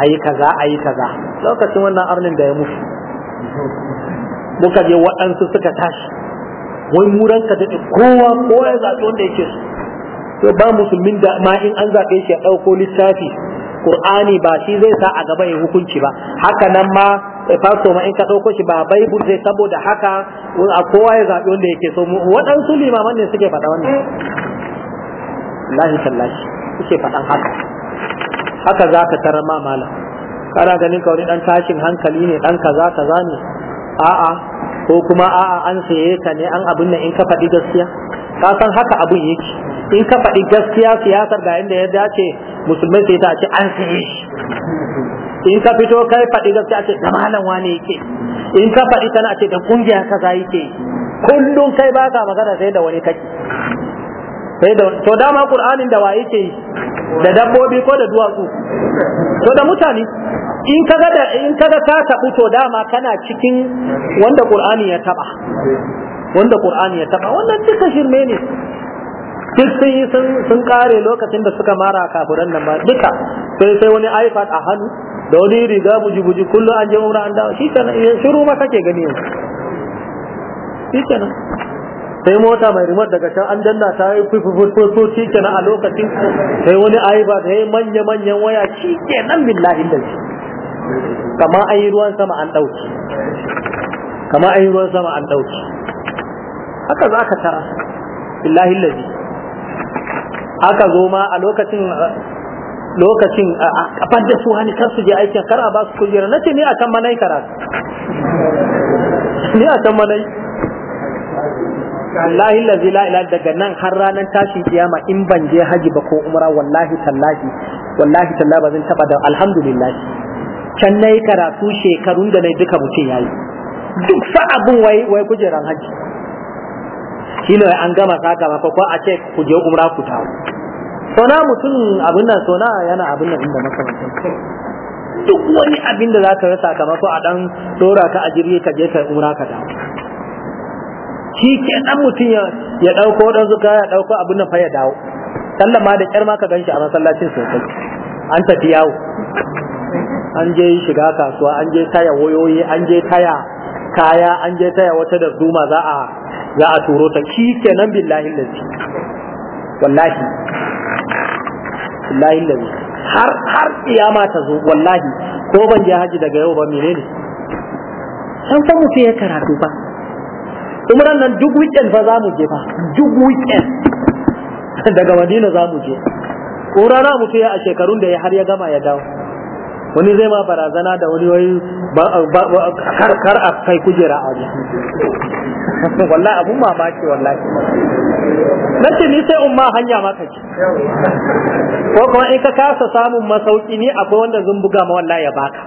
S1: ayi kaza ayi kaza lokacin wannan arnin da ya mutu muka je waɗansu suka tashi wai mu ranka daɗe kowa kowa ya zaɓi wanda yake so to ba musulmin da ma in an zaɓe shi ya ɗauko littafi Qur'ani ba shi zai sa a gaba ya hukunci ba haka nan ma fasto ma in ka dauko shi ba baibul sai saboda haka a kowa ya zabi wanda yake so waɗansu limaman ne suke faɗa wannan lahi sallashi, suke faɗan haka haka za ka tarar ma malam kana ganin ka wani ɗan tashin hankali ne ɗan kaza kaza ne a'a ko kuma a'a an saye ka ne an abin nan in ka faɗi gaskiya ka san haka abin yake in ka faɗi gaskiya siyasar ga inda ya dace musulmai sai ta ce an saye shi in ka fito kai faɗi gaske a ce da malam wane yake in ka faɗi tana ce da kungiya kaza yake kullum kai baka magana sai da wani kake sai da to dama qur'anin da wa yake da dabbobi ko da duwatsu to da mutane in kaga da in kaga ta tabu to dama kana cikin wanda qur'ani ya taba wanda qur'ani ya taba wannan duka shirme ne duk sun yi sun kare lokacin da suka mara kafuran nan ba duka sai sai wani ipad a hannu da wani riga buji-buji kullum an je umra an dawo shi nan shiru ma kake gani yanzu shi kenan sai mota mai rimar daga can an danna ta yi fufufufufu shi kenan a lokacin sai wani aiba ta yi manya-manyan waya shi kenan billahi da shi kama an yi ruwan sama an ɗauki kama an yi ruwan sama an ɗauki haka za ka tara billahi lazi haka zo ma a lokacin lokacin a fadda su hani kar su je aikin kar a ba su kujera na ce ni a can manai karatu ni a can manai wallahi la ila daga nan har ranar tashin kiyama in ban je haji ba ko umra wallahi tallahi wallahi tallahi ba zan taba da alhamdulillah can na yi karatu shekarun da na duka mutum ya yi. duk sa'abin wai wai kujeran haji Shi ne an gama saka maka ko a ce ku je umra ku tawo sona mutum abin nan sona yana abin nan inda makamantan duk wani abin da za ka rasa kamar ko a dan dora ka a jirgi ka je ka umra ka dawo shi ke dan mutum ya dauko dan zuka ya dauko abin nan fa ya dawo sallan ma da kyar ma ka ganshi a masallacin sosai an tafi yawo an je shiga kasuwa an je taya wayoyi an je taya kaya an je taya wata da zuma za a za a turo ta shi kenan billahi lillahi wallahi lahi lazi har har kiyama ta zo wallahi ko ban je haji daga yau ba menene san san mutum ya karatu ba umran nan duk weekend fa za mu je ba
S2: duk weekend
S1: daga madina za mu je ko rana mutum ya a shekarun da ya har ya gama ya dawo wani zai ma barazana da wani wai kar a kai kujera a jiki wallahi abun mamaki wallahi na ce ni sai umma hanya maka ce ko kuma in ka kasa samun masauki ni akwai wanda zan buga ma wallahi ya baka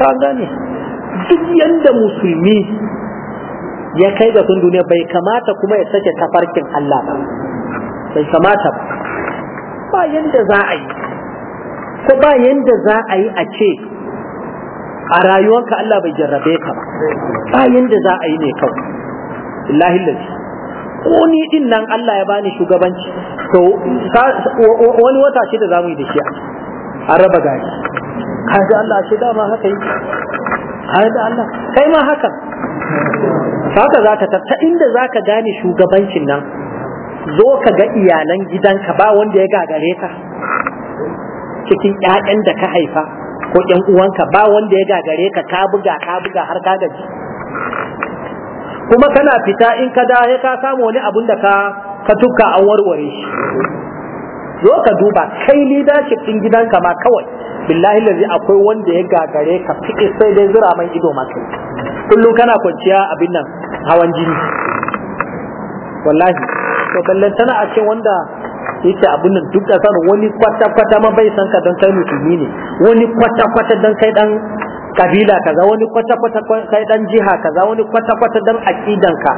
S1: ka gane duk yanda musulmi ya kai ga sun duniya bai kamata kuma ya sake tafarkin Allah ba bai kamata ba yanda za a yi ko ba yanda za a yi a ce a rayuwarka Allah bai jarrabe ka ba yanda za a yi ne kawai illahi lalci ko ni din nan Allah ya bani shugabanci to wani wata ce da zamu yi da shi a raba gari kaga Allah ce dama haka yi da Allah kai ma haka haka za ka ta inda za ka gane shugabancin nan zo ka ga iyalan gidanka ba wanda ya gagare ka cikin ƴaƴan da ka haifa ko ƴan uwanka ba wanda ya gagare ka ka buga ka buga har ka gaji kuma kana fita in ka da ka samu wani abun da ka ka tukka an warware shi zo ka duba kai leadership din gidanka ma kawai billahi lazi akwai wanda ya gagare ka sai dai zura mai ido ma kai kullum kana kwanciya abin nan hawan jini wallahi to ballan tana a ce wanda yace abin nan duk da sanin wani kwata kwata ma bai san ka dan kai musulmi ne wani kwata kwata dan kai dan kabila kaza wani kwata kwata kai dan jiha kaza wani kwata kwata dan aqidan ka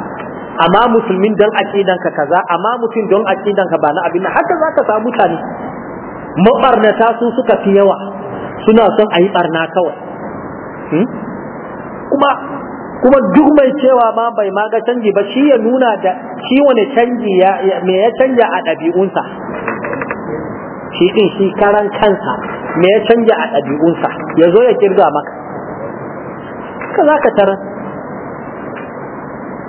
S1: amma musulmin dan aqidan ka kaza amma mutum don aqidan ka ba na abin haka zaka samu mutane mabarnata su suka fi yawa suna son a yi barna kawai hmm? kuma kuma duk mai cewa ma bai ma ga canji ba shi ya nuna da shi wani canji ya me ya canja a ɗabi'unsa shi din shi karan kansa me ya canja a ɗabi'unsa ya zo ya kirga maka haka za ka tara,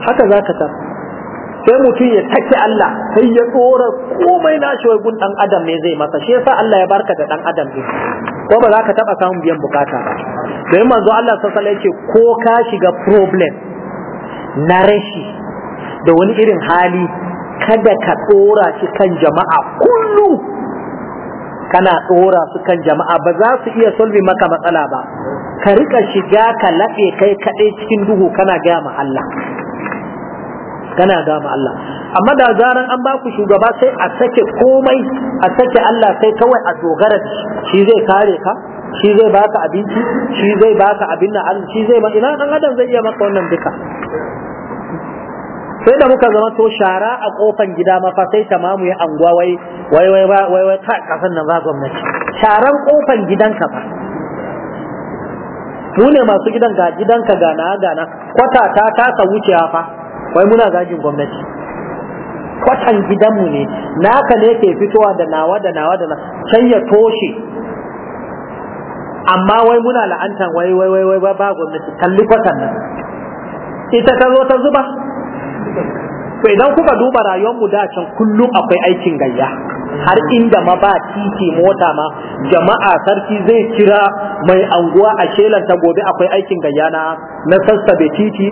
S1: haka za ka sai mutum ya take Allah sai ya tsora komai na wai gun dan adam ne zai masa shi yasa Allah ya barka da dan adam din ko ba za ka taba samun biyan bukata ba yin manzo Allah sassala ya ce ko ka shiga problem na rashi da wani irin hali kada ka tsora shi kan jama'a kullu kana tsora su kan jama'a ba za su iya solve maka matsala ba ka rika shiga ka laɓe kai kaɗai cikin duhu kana gaya ma Allah kana gaya ma Allah amma da zaran an ba ku shugaba sai a sake komai a sake Allah sai kawai a dogara shi zai kare ka shi zai baka abinci shi zai baka abin na Allah shi zai ma ina dan adam zai iya maka wannan duka sai da muka zama to shara a kofan gida ma fa sai tamamu ya anguwa wai wai wai wai wai ta kasan nan ba gwamnati sharan kofan gidanka fa mu ne masu gidan ga gidanka ga na ga na kwata ta kasa wucewa fa wai muna gajin gwamnati kwatan gidanmu ne naka ne ke fitowa da nawa da nawa da na sai ya toshe amma wai muna la'antan wai wai wai wai ba gwamnati kalli kwatan nan ita ta zo ta zuba to idan kuka duba rayuwar mu da can kullum akwai aikin gayya har inda ma ba titi mota ma jama'a sarki zai kira mai anguwa a shelanta gobe akwai aikin gayya na na be titi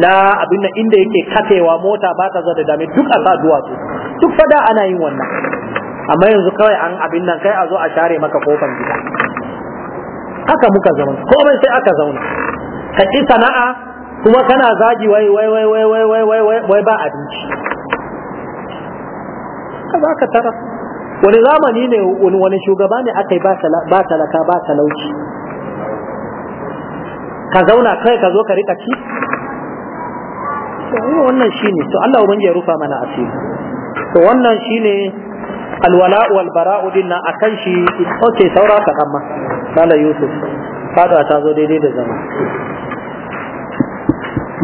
S1: na abin nan inda yake katewa mota ba ta da dame duk a sa duwatsu duk fada ana yin wannan amma yanzu kawai an abin nan kai a zo a share maka kofar gida haka muka zauna komai sai aka zauna ka ƙi sana'a kuma kana zagi wai wai wai wai wai wai wai wai wai ba abinci ka za ka tara wani zamani ne wani shugaba ne aka yi ba talaka ba talauci ka zauna kai ka zo ka rika ci wannan shine to Allah ubangiji ya rufa mana asiri to wannan shine alwala wal bara'u dinna akan shi okay saura ka amma Mala Yusuf, fada ta zo daidai da zama.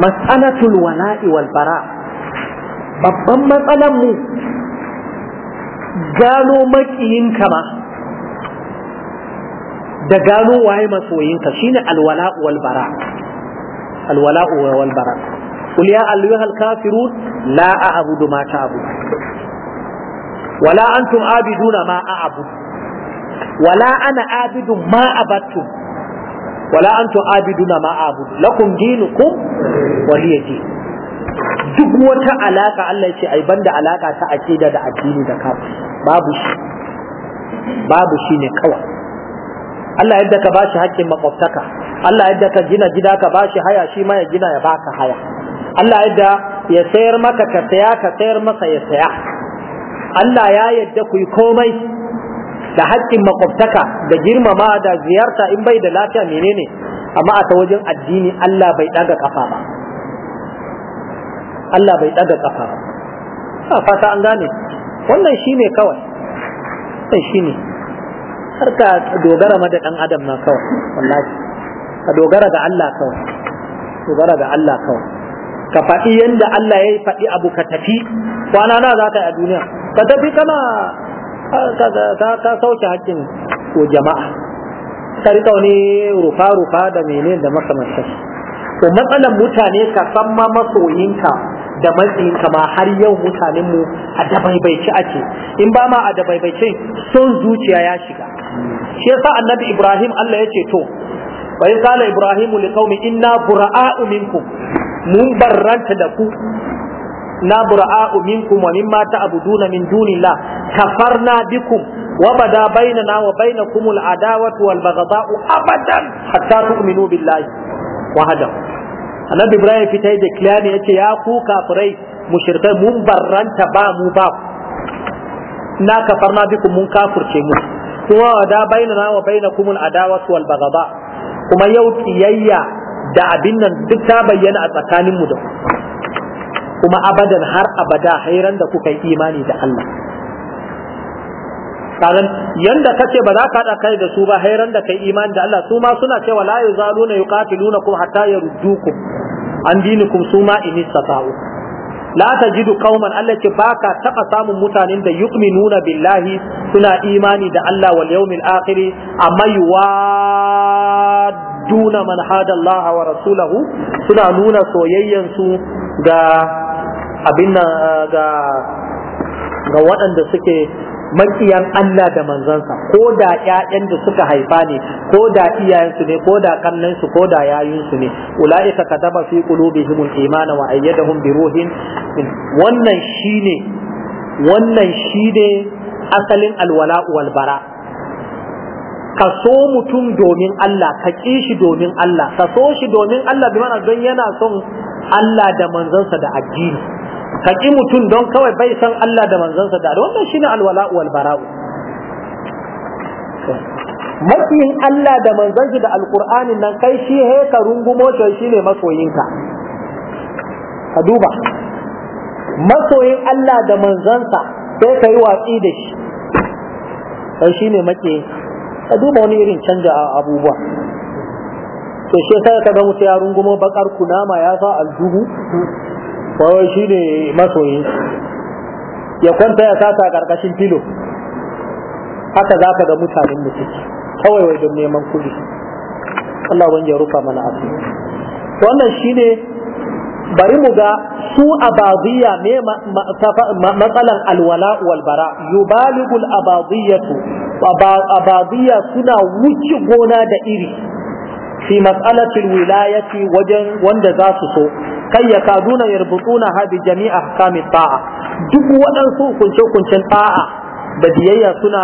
S1: Mas'alatul wala'i wal bara babban matsalan mu gano makiyinka ba da gano waye masoyinka shine alwala'u wal bara alwala'u wal bara qul ya ayyuhal kafirun la a'budu ma ta'budun wala antum abiduna ma a'budu wala ana abidun ma abattum wala antum abiduna ma abud lakum dinukum waliya din duk wata alaka Allah ya ce ai banda alaka ta akida da addini da kafir babu shi babu shi ne kawai Allah yadda ka bashi haƙƙin makwabtaka Allah yadda ka gina gida ka bashi haya shi ma ya gina ya baka haya Allah yadda ya sayar maka ka saya ka sayar masa ya saya Allah ya yadda ku yi komai da haƙƙin makwabtaka da girmama da ziyarta in bai da lafiya menene amma a ta wajen addini Allah bai ɗaga ƙafa ba Allah bai ɗaga ƙafa ba a fata an gane wannan shi ne kawai wannan shi ne har ka dogara ma da ɗan adam na kawai wallahi ka dogara ga Allah kawai dogara ga Allah kawai ka faɗi yadda Allah ya yi faɗi abu ka tafi kwana na za ka yi a duniya ka tafi kana ka sauke ko jama'a ka rika wani rufa-rufa da mene da makamantar to matsalan mutane ka san ma masoyinka da matsayinka ma har yau mutanen mu a dabaibaice ake in ba ma a dabaibaice son zuciya ya shiga shi yasa annabi Ibrahim Allah ya ce to bai in ibrahimu Ibrahim liqaumi inna bura'a'u minkum mun barranta da ku na bura'a'u minkum wa mimma ta'buduna min dunillah kafarna bikum wa bada bainana wa bainakum al'adawatu wal baghdha'u abadan hatta tu'minu billahi wahada annabi ibrahim fitai da kilani yace ya ku kafirai mushrikai mun barranta ba mu ba na kafarna bikum mun kafirce mu kuma kuma yau kiyayya da abin nan duk ta bayyana a tsakaninmu da ku kuma abadan har abada hairan da kuka yi imani da Allah kagan yanda kace ba za ka haɗa kai da su ba hairan da kai imani da Allah su ma suna cewa la yuzaluna yuqatilunakum hatta ku. an ku su ma in istata'u la tajidu qauman Allah ce baka taɓa samun mutanen da nuna billahi suna imani da Allah wal yawmil akiri a yuwad duna man hada Allah wa rasulahu suna nuna soyayyan su ga abin nan ga ga waɗanda suke makiyan Allah da manzansa ko da ƴaƴan da suka haifa ne ko da iyayensu ne ko da kannansu ko da yayinsu ne ulaika kataba fi qulubihim imana wa ayyadahum bi ruhin wannan shine wannan shine asalin alwala wal bara ka so mutum domin Allah ka ƙi shi domin Allah ka so shi domin Allah bi mana don yana son Allah da manzansa da addini ka ƙi mutum don kawai bai san Allah da manzansa da wannan shine alwala wal bara'u makiyin Allah da manzansa da alqur'ani nan kai shi he ka rungumo to shine masoyinka ka duba masoyin Allah da manzansa sai ka yi watsi da shi dan shine make ka duba wani irin canja a abubuwa to shi sai ka ga mutu ya rungumo bakar kunama ya sa aljuhu wai shi ne masoyi ya kwanta ya sata karkashin filo haka za ka ga mutanen da suke kawai wai don neman kuɗi Allah wani ya rufa mana asiri wannan shi ne bari mu ga su abadiyya ne matsalan alwala walbara bara yubaligul abadiyatu ababiya suna wuce gona da iri fi mas'alatul wilayati wajen wanda za su so kai ya kaduna yarbutuna hadi jami'a ahkamit ta'a duk waɗansu hukunce hukuncen ta'a da biyayya suna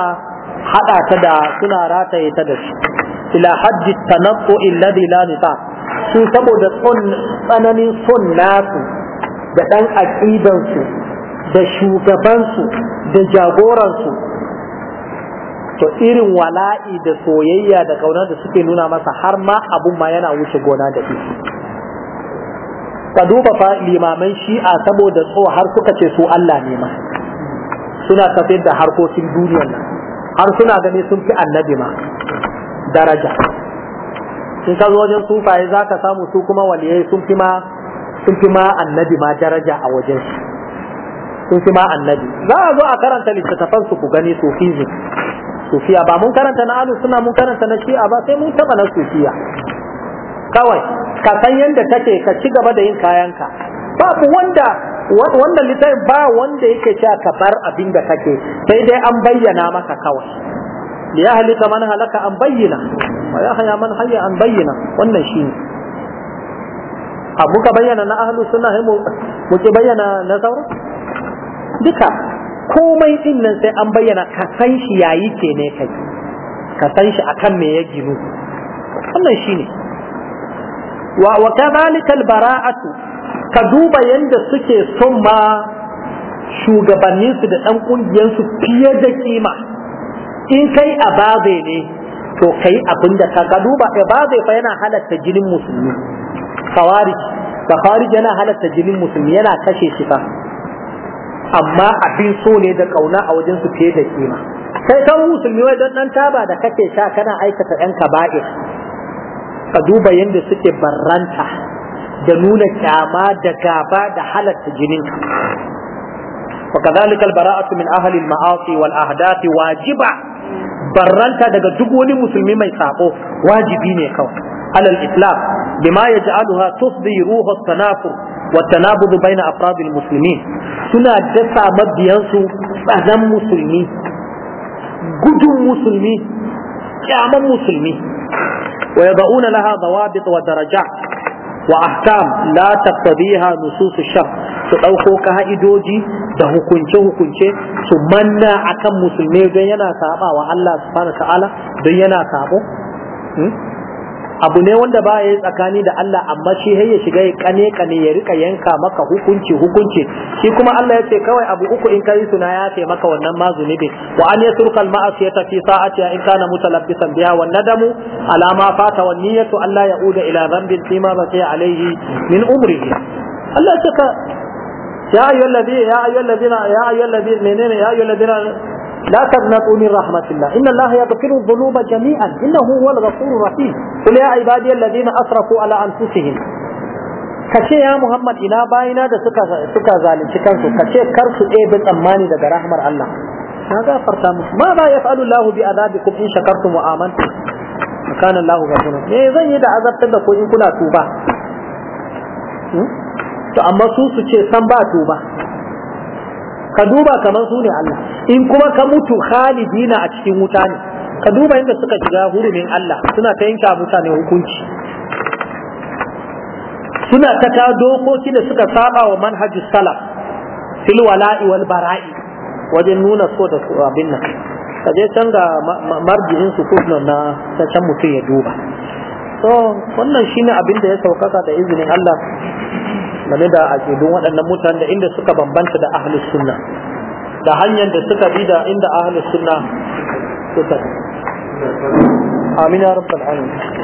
S1: haɗa ta da suna rataye ta da shi ila hajji tanattu alladhi la nita su saboda tsananin son nasu da ɗan aƙidansu, da shugabansu da jagoransu to irin wala'i da soyayya da kauna da suke nuna masa har ma abun ma yana wuce gona da ita ka duba fa limaman shi'a saboda so har suka ce su Allah ne ma suna tafiyar da harkokin duniyar nan har suna gani sun fi annabi ma daraja in ka zo wajen sufaye za ka samu su kuma waliyai sun fi ma sun fi ma annabi ma daraja a wajen su sun fi ma annabi za a zo a karanta littattafan su ku gani sufism sufiya ba mun karanta na alu suna mun karanta na shi'a ba sai mun taba na sufiya kawai ka san yadda take ka ci gaba da yin kayanka babu wanda wanda litai ba wanda yake cewa ka bar abin da kake sai dai an bayyana maka kawai ya halika man halaka an bayyana wa ya haya man hayya an bayyana wannan shi ne abu ka bayyana na ahli sunna mu ke bayyana na sauran duka komai din nan sai an bayyana ka san shi yayi ke ne kai ka san shi akan me ya ginu wannan shine wa wa kadhalika al bara'atu ka duba yanda suke son ma shugabannin su da dan kungiyar su fiye da kima in kai ababe ne to kai abinda ka ka duba ababe fa yana halatta jinin musulmi kawari da khawarij yana halatta jinin musulmi yana kashe shi fa amma abin so ne da kauna a wajen su fiye da kima sai kan musulmi wai don nan taba da kake sha kana aikata yan kaba'ir ka duba yadda suke barranta da nuna kyama da gaba da halatta jinin وكذلك البراءة من أهل المعاصي والأهداف واجبة barranta daga duk wani musulmi mai sako wajibi ne kawai alal islam bima yaj'aluha tusdi tanafur والتنابض بين أفراد المسلمين سنة دسا مبيانسو أذن مسلمي قدم مسلمي كعمل مسلمي ويضعون لها ضوابط ودرجات وأحكام لا تقتضيها نصوص الشرع su ɗauko ka'idoji da hukunce-hukunce su manna مسلمي musulmai don yana saba wa Allah subhanahu wa ta'ala abu ne wanda ba ya yi tsakani da Allah amma shi har ya shiga ya kane kane ya rika yanka maka hukunci hukunci shi kuma Allah ya ce kawai abu uku in kai suna ya ce maka wannan ma zunubi wa an yasruka al ma'asiyata fi sa'ati in kana mutalabbisan biha wa nadamu ala ma fata wa niyyatu Allah ya ya'uda ila dhanbin fima baqiya alayhi min umrihi Allah ya ce ya ayyuhallazina ya ayyuhallazina ya ayyuhallazina menene ya ayyuhallazina لا na من رحمة الله إن الله يغفر الذنوب جميعا إنه هو الغفور الرحيم قل يا عبادي الذين أسرفوا على أنفسهم ya Muhammad ina bayina da suka suka zalunci kansu kace kar su ɗebe tsammani daga rahmar Allah na gafarta musu ma ba yaf'alu Allahu bi azabikum in shakartum wa amantum kana Allahu me zan yi da azabtar da ko in tuba to amma su su ce san ba tuba ka duba kamar su ne Allah in kuma ka mutu khalidina a cikin wuta ne ka duba inda suka shiga hurumin Allah suna ta yanka mutane hukunci suna ta ta dokoki da suka saba wa manhajus salaf fil wal bara'i wajen nuna so da abin nan ka je can ga marjinin su na ta can mutum ya duba so wannan shine abin da ya saukaka da izinin Allah game da aƙidun waɗannan mutane da inda suka bambanta da ahlus sunna da hanyar da suka bi da inda ahlus sunna suka amina rabbal alamin